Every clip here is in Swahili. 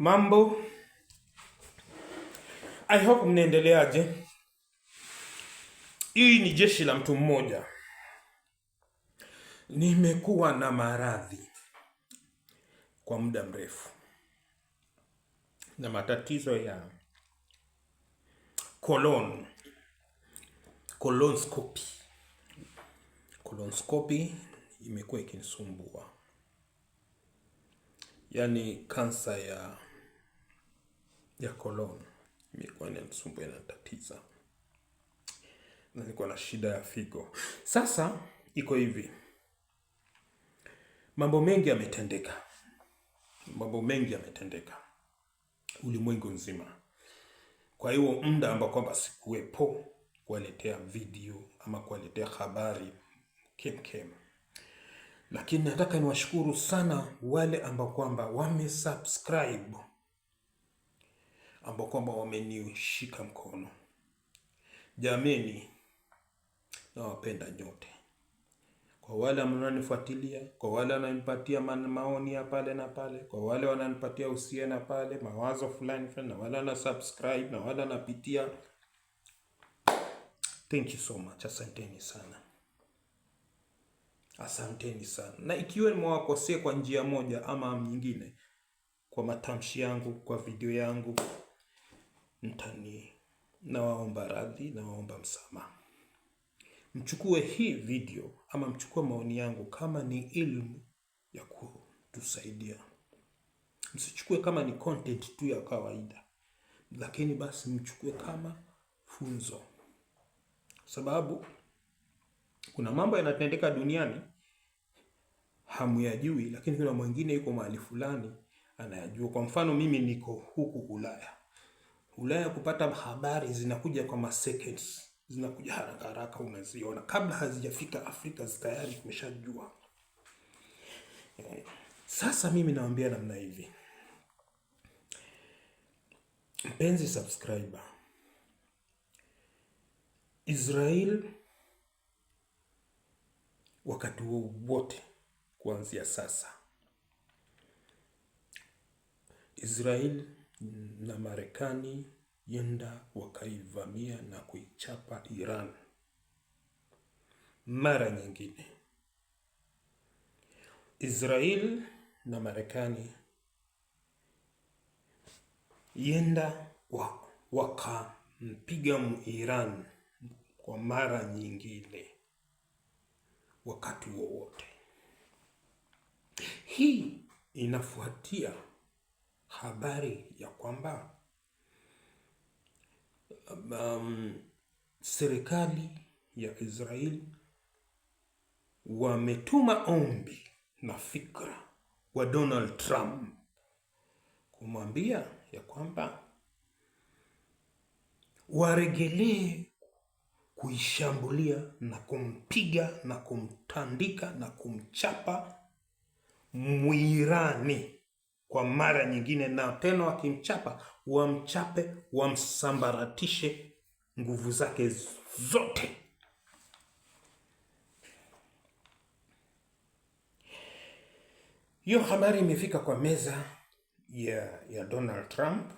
Mambo, I hope mnaendeleaje? Hii ni jeshi la mtu mmoja. Nimekuwa na maradhi kwa muda mrefu na matatizo ya colon, colonscopy colonscopy imekuwa ikinisumbua, yaani kansa ya ya colon ilikuwa inanisumbua inatatiza, na nilikuwa na shida ya figo. Sasa iko hivi, mambo mengi yametendeka, mambo mengi yametendeka ulimwengu nzima. Kwa hiyo muda ambao kwamba sikuwepo kuwaletea video ama kuwaletea habari kemkem, lakini nataka niwashukuru sana wale ambao kwamba wamesubscribe ambao kwamba wamenishika mkono. Jameni, nawapenda nyote. Kwa wale mnanifuatilia, kwa wale wananipatia maoni ya pale na pale, kwa wale wananipatia usia na pale mawazo fulani fulani, na wale wana subscribe na wale wanapitia, thank you so much. Asanteni sana, asanteni sana. Na ikiwa nimewakosea kwa njia moja ama nyingine, kwa matamshi yangu, kwa video yangu mtani, nawaomba radhi, nawaomba msamaha. Mchukue hii video ama mchukue maoni yangu kama ni ilmu ya kutusaidia, msichukue kama ni content tu ya kawaida, lakini basi mchukue kama funzo, sababu kuna mambo yanatendeka duniani hamuyajui, lakini kuna mwingine yuko mahali fulani anayajua. Kwa mfano mimi niko huku Ulaya Ulaya kupata habari zinakuja kwa maseconds, zinakuja haraka haraka, unaziona kabla hazijafika Afrika tayari tumeshajua. Sasa mimi nawaambia namna hivi, mpenzi subscriber, Israel wakati wowote kuanzia sasa Israel na Marekani yenda wakaivamia na kuichapa Iran mara nyingine. Israel na Marekani yenda wakampiga iran kwa mara nyingine wakati wowote. Hii inafuatia habari ya kwamba um, serikali ya Israeli wametuma ombi na fikra wa Donald Trump kumwambia ya kwamba waregelee kuishambulia na kumpiga na kumtandika na kumchapa Mwirani kwa mara nyingine, na tena wakimchapa wamchape, wamsambaratishe nguvu zake zote. Hiyo habari imefika kwa meza ya, ya Donald Trump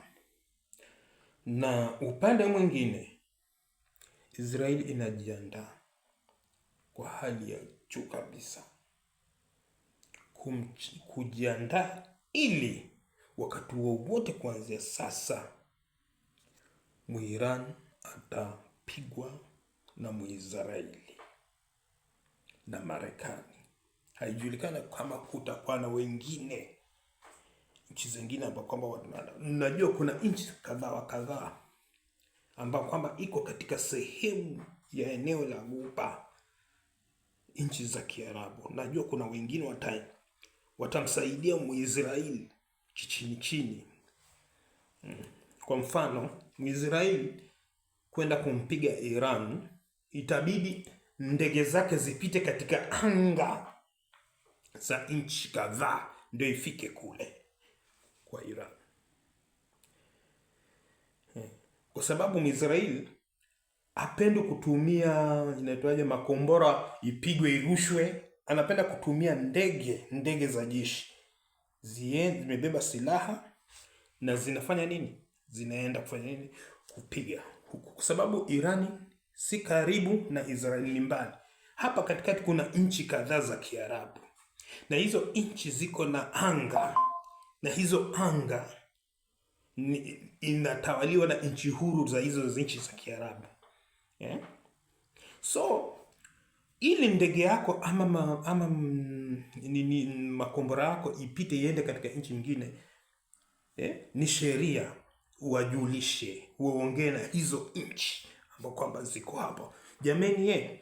na upande mwingine Israeli inajiandaa kwa hali ya juu kabisa kujiandaa ili wakati wowote kuanzia sasa Mwiran atapigwa na Mwisraeli na Marekani. Haijulikana kama kutakuwa na wengine nchi zingine ambao kwamba najua kuna nchi kadhaa wa kadhaa ambao kwamba iko katika sehemu ya eneo la Ghuba, nchi za Kiarabu. Najua kuna wengine wata watamsaidia Mwisraeli chini chini. Kwa mfano, Mwisraeli kwenda kumpiga Iran, itabidi ndege zake zipite katika anga za nchi kadhaa ndio ifike kule kwa Iran, kwa sababu Mwisraeli hapendi kutumia inaitwaje, makombora ipigwe irushwe anapenda kutumia ndege, ndege za jeshi zimebeba silaha na zinafanya nini? Zinaenda kufanya nini? Kupiga huku, kwa sababu Irani si karibu na Israeli, ni mbali. Hapa katikati kuna nchi kadhaa za Kiarabu na hizo nchi ziko na anga, na hizo anga ni, inatawaliwa na nchi huru za hizo nchi za Kiarabu yeah? so ili ndege yako ama, ma, ama nini, makombora yako ipite iende katika nchi nyingine eh, ni sheria wajulishe, uongee na hizo nchi ambao kwamba ziko hapo. Jameni ye,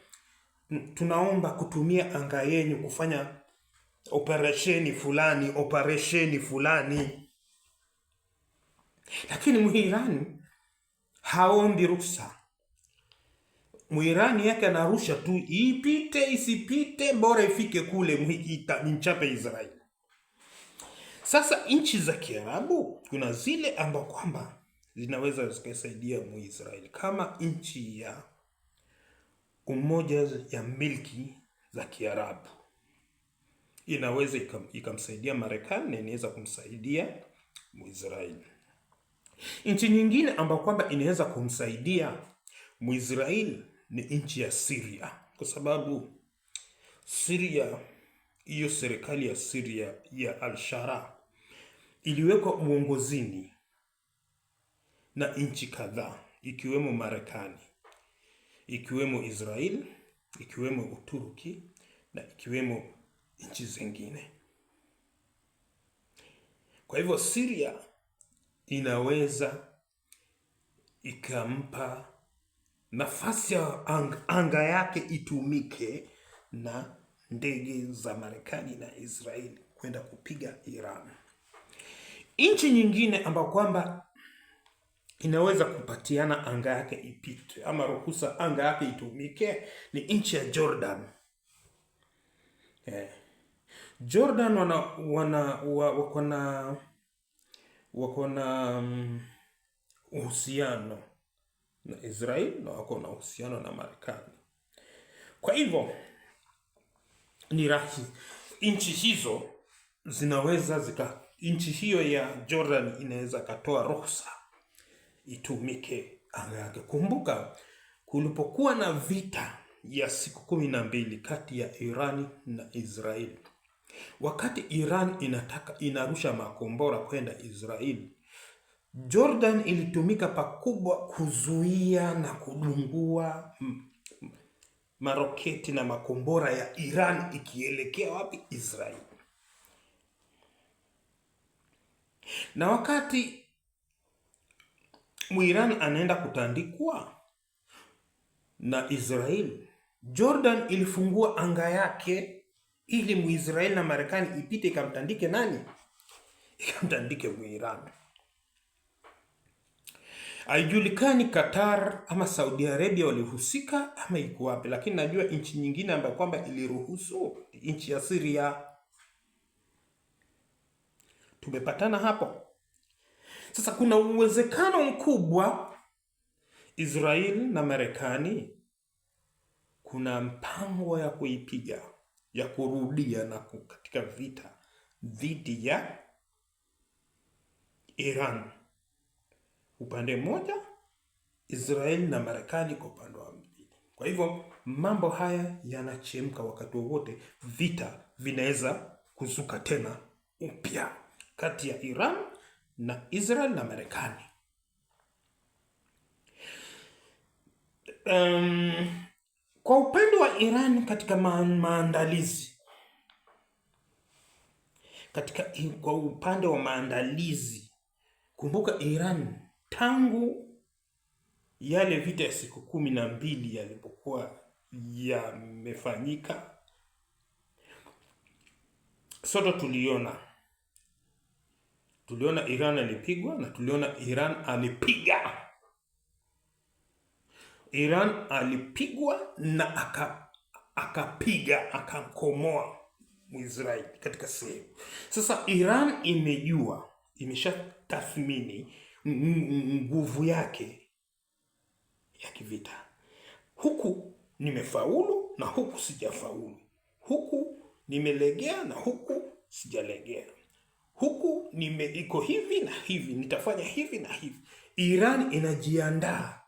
tunaomba kutumia anga yenyu kufanya operesheni fulani, operesheni fulani, lakini mwirani haombi ruhusa Mwirani yake anarusha tu, ipite isipite, bora ifike kule mhikita mchape Israeli. Sasa nchi za Kiarabu kuna zile ambao kwamba zinaweza zikasaidia Muisraeli, kama nchi ya Umoja ya Milki za Kiarabu inaweza ikamsaidia Marekani na inaweza kumsaidia Muisraeli. Nchi nyingine ambao kwamba inaweza kumsaidia Muisraeli ni nchi ya Syria, kwa sababu Syria hiyo serikali ya Syria ya Al-Shara iliwekwa uongozini na nchi kadhaa ikiwemo Marekani, ikiwemo Israel, ikiwemo Uturuki na ikiwemo nchi zingine. Kwa hivyo Syria inaweza ikampa nafasi ya ang anga yake itumike na ndege za Marekani na Israeli kwenda kupiga Iran. Nchi nyingine ambayo kwamba inaweza kupatiana anga yake ipite ama ruhusa anga yake itumike ni nchi ya Jordan. Eh, Jordan wana wana wako na wako na mm, uhusiano na israel na wako na uhusiano na Marekani. Kwa hivyo ni rahisi nchi hizo zinaweza zika, nchi hiyo ya Jordan inaweza katoa ruhusa itumike anga yake. Kumbuka kulipokuwa na vita ya siku kumi na mbili kati ya iran na Israeli, wakati Iran inataka inarusha makombora kwenda Israeli Jordan ilitumika pakubwa kuzuia na kudungua maroketi na makombora ya Iran ikielekea wapi? Israel. Na wakati Muiran anaenda kutandikwa na israel Jordan ilifungua anga yake ili Muisraeli na Marekani ipite ikamtandike nani? Ikamtandike Muiran. Haijulikani Qatar ama Saudi Arabia walihusika ama iko wapi, lakini najua nchi nyingine ambayo kwamba iliruhusu nchi ya Syria. Tumepatana hapo. Sasa kuna uwezekano mkubwa israel na Marekani kuna mpango ya kuipiga ya kurudia na katika vita dhidi ya Iran upande mmoja, Israeli na Marekani kwa upande wa mwingine. Kwa hivyo mambo haya yanachemka, wakati wowote vita vinaweza kuzuka tena upya kati ya Iran na Israel na Marekani. Um, kwa upande wa Iran katika ma maandalizi katika, kwa upande wa maandalizi kumbuka, Iran Tangu yale vita ya siku kumi na mbili yalipokuwa yamefanyika, sote tuliona tuliona Iran alipigwa na tuliona Iran alipiga. Iran alipigwa na aka akapiga akamkomoa Israeli katika sehemu. Sasa Iran imejua, imeshatathmini nguvu yake ya kivita. Huku nimefaulu na huku sijafaulu, huku nimelegea na huku sijalegea, huku nime iko hivi na hivi, nitafanya hivi na hivi. Iran inajiandaa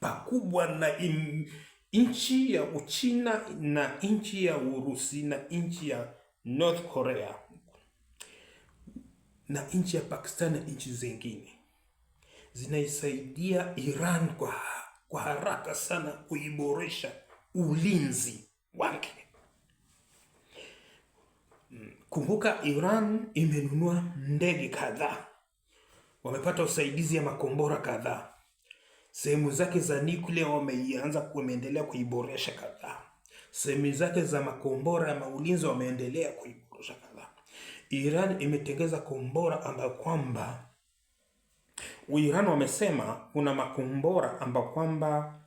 pakubwa na in, nchi ya Uchina na nchi ya Urusi na nchi ya North Korea na nchi ya Pakistan na nchi zingine zinaisaidia Iran kwa, kwa haraka sana kuiboresha ulinzi wake. Hmm, kumbuka Iran imenunua ndege kadhaa, wamepata usaidizi ya makombora kadhaa, sehemu zake za nuclear wameianza, kuendelea kuiboresha kadhaa, sehemu zake za makombora ya maulinzi wameendelea kuiboresha kadhaa. Iran imetengeza kombora ambayo kwamba Uiran wamesema kuna makombora ambayo kwamba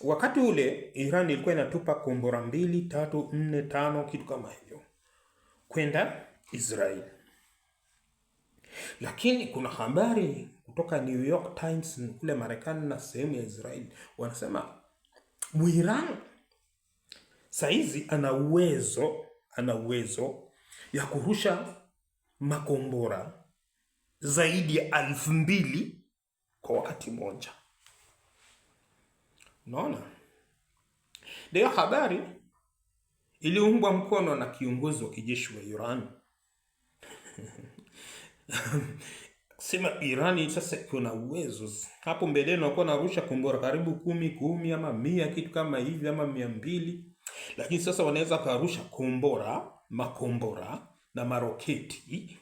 wakati ule Iran ilikuwa inatupa kombora mbili, tatu, nne, tano kitu kama hivyo kwenda Israel. Lakini kuna habari kutoka New York Times kule Marekani na sehemu ya Israel wanasema Mwiran saizi ana uwezo ana uwezo ya kurusha makombora zaidi ya elfu mbili kwa wakati mmoja. Unaona, ndiyo habari iliungwa mkono na kiongozi wa kijeshi wa Iran sema Irani sasa iko na uwezo. Hapo mbeleni nakuwa narusha kombora karibu kumi kumi ama mia kitu kama hivi ama mia mbili, lakini sasa wanaweza karusha kombora makombora na maroketi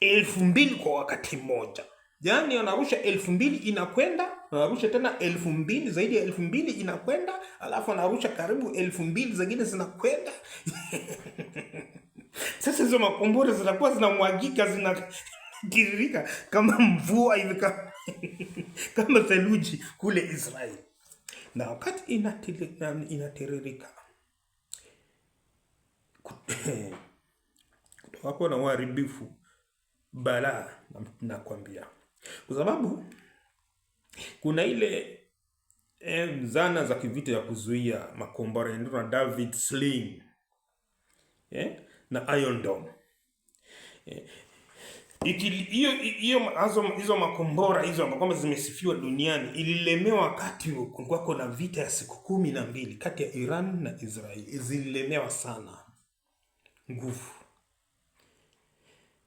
elfu mbili kwa wakati mmoja. Yaani anarusha elfu mbili inakwenda, anarusha tena elfu mbili zaidi ya elfu mbili inakwenda, alafu anarusha karibu elfu mbili zingine zinakwenda Sasa hizo makombora zinakuwa zinamwagika, zinatiririka kama mvua hivi kama, theluji kule Israeli, na wakati inatiririka kutowako na uharibifu balaa nakwambia, kwa sababu kuna ile eh, zana za kivita ya kuzuia makombora na David Sling eh, na Iron Dome eh, hizo makombora hizo kama zimesifiwa duniani, ililemewa wakati kulikuwa kuna vita ya siku kumi na mbili kati ya Iran na Israeli, zililemewa sana nguvu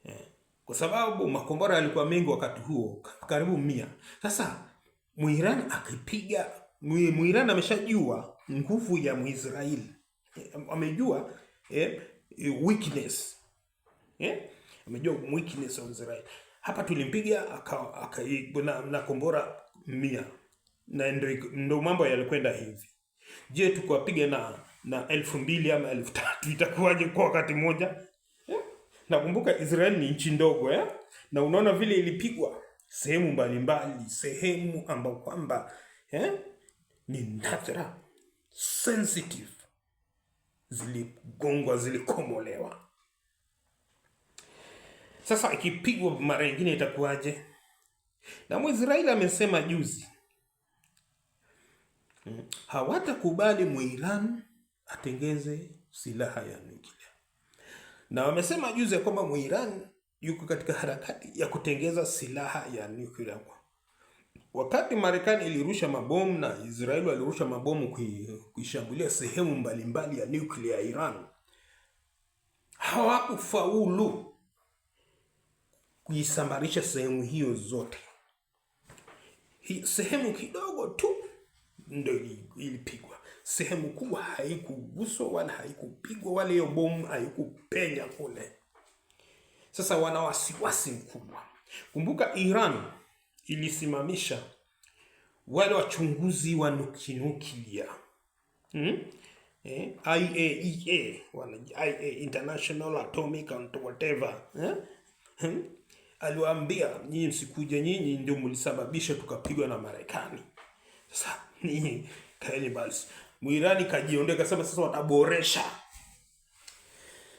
eh, kwa sababu makombora yalikuwa mengi wakati huo karibu mia. Sasa Muirani akipiga Muirani ameshajua nguvu ya muisraeli eh, amejua eh, weakness eh, amejua weakness ya israel Hapa tulimpiga na, na kombora mia na ndo mambo yalikwenda hivi. Je, tukuwapiga na na elfu mbili ama elfu tatu itakuwaje kwa wakati mmoja? Eh, nakumbuka Israel ni nchi ndogo ya? Eh? na unaona vile ilipigwa sehemu mbalimbali, sehemu ambao kwamba eh, ni nadra sensitive, ziligongwa, zilikomolewa. Sasa ikipigwa mara nyingine itakuwaje? Na Mwisraeli amesema juzi, hmm, hawatakubali Muirani atengeze silaha ya nyuklia. Na wamesema juzi ya kwamba mwiran yuko katika harakati ya kutengeza silaha ya nyuklia. Wakati Marekani ilirusha mabomu na Israeli walirusha mabomu kuishambulia sehemu mbalimbali ya nyuklia ya Iran, hawakufaulu kuisambarisha sehemu hiyo zote. Hi, sehemu kidogo tu ndio ilipigwa sehemu kubwa haikuguswa wala haikupigwa wala hiyo bomu haikupenya kule. Sasa wana wasiwasi mkubwa. Kumbuka Iran ilisimamisha wale wachunguzi wa nukinukilia hmm? Eh, IAEA IA, e International Atomic and whatever eh? hmm? Aliwaambia nyinyi msikuje, nyinyi ndio mlisababisha tukapigwa na Marekani. Sasa nyinyi kaeni basi. Mwirani kajiondea kasema sasa wataboresha.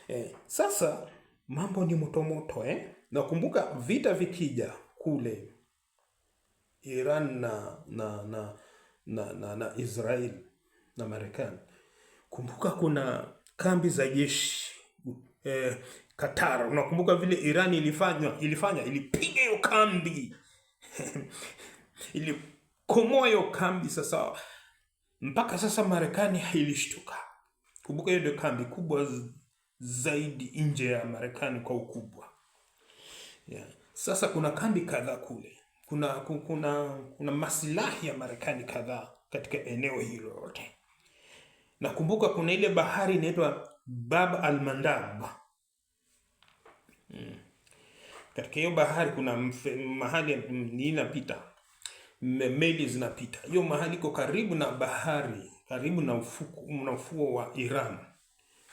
Eh, sasa mambo ni moto moto eh. Nakumbuka vita vikija kule Iran na na na na, na, na Israel na Marekani. Kumbuka kuna kambi za jeshi eh, Qatar. Unakumbuka vile Iran ilifanywa ilifanya ilipiga hiyo kambi ilikomboa hiyo kambi sasa mpaka sasa Marekani ilishtuka. Kumbuka hiyo ndio kambi kubwa zaidi nje ya Marekani kwa ukubwa. Yeah. Sasa kuna kambi kadhaa kule. Kuna kuna kuna masilahi ya Marekani kadhaa katika eneo hilo lote. Nakumbuka kuna ile bahari inaitwa Bab al-Mandab. Hmm. Katika hiyo bahari kuna mfe, mahali ninapita meli zinapita. Hiyo mahali iko karibu na bahari, karibu na ufuku, na ufuo wa Iran,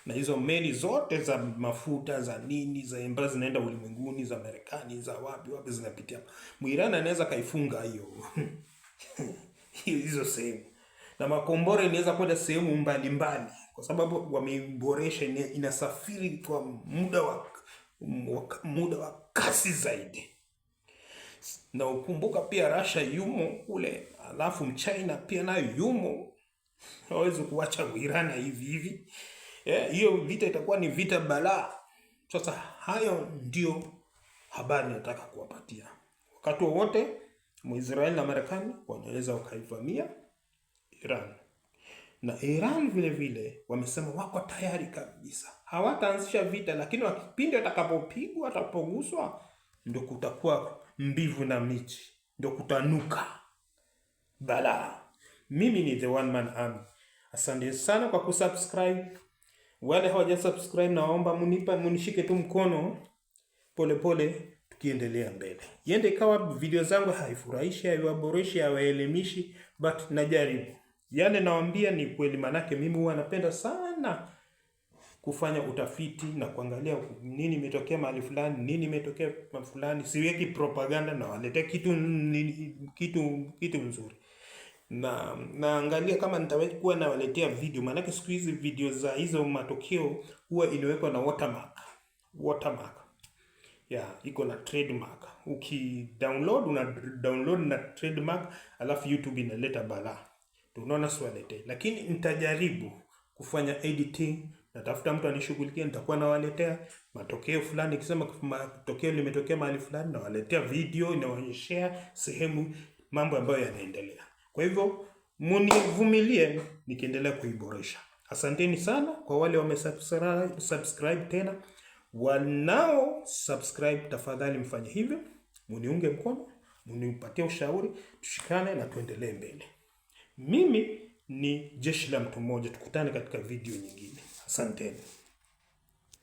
na hizo meli zote za mafuta za nini za embra zinaenda ulimwenguni za Marekani za wapi wapi zinapitia. Muiran anaweza kaifunga hiyo hizo sehemu, na makombora inaweza kwenda sehemu mbalimbali, kwa sababu wameiboresha, inasafiri kwa muda wa muda wa kasi zaidi na ukumbuka pia Russia yumo kule, alafu China pia nayo yumo, hawezi kuacha Uirani hivi hivi. Eh, hiyo vita itakuwa ni vita balaa. Sasa hayo ndio habari nataka kuwapatia. Wakati wowote Mwisraeli na Marekani wanaweza wakaivamia Iran na Iran vile vile wamesema wako tayari kabisa, hawataanzisha vita, lakini wakipindi watakapopigwa, watapoguswa, ndio kutakuwa mbivu na michi ndio kutanuka bala. Mimi ni the one man army. Asante sana kwa kusubscribe. Wale hawaja subscribe, naomba munipa munishike tu mkono polepole pole, tukiendelea mbele. Yende ikawa video zangu haifurahishi, haiwaboreshi hawaelimishi, but najaribu. Yale nawambia ni kweli, manake mimi huwa napenda sana kufanya utafiti na kuangalia nini imetokea mahali fulani, nini imetokea mahali fulani. Siweki propaganda na walete kitu kitu kitu nzuri, na naangalia kama nitaweza kuwa nawaletea video, maanake siku hizi video za hizo matokeo huwa iliwekwa na watermark watermark ya yeah, iko na trademark. Uki download una download na trademark, alafu YouTube inaleta balaa, tunaona siwaletei, lakini nitajaribu kufanya editing natafuta mtu anishughulikie, nitakuwa nawaletea matokeo fulani. Ikisema matokeo limetokea mahali fulani, nawaletea video inaonyeshea sehemu mambo ambayo yanaendelea. Kwa hivyo munivumilie nikiendelea kuiboresha. Asanteni sana kwa wale wamesubscribe tena. Wanao subscribe tafadhali mfanye hivyo, muniunge mkono, munipatie ushauri, tushikane na tuendelee mbele. Mimi ni Jeshi la Mtu Mmoja, tukutane katika video nyingine. Asanteni.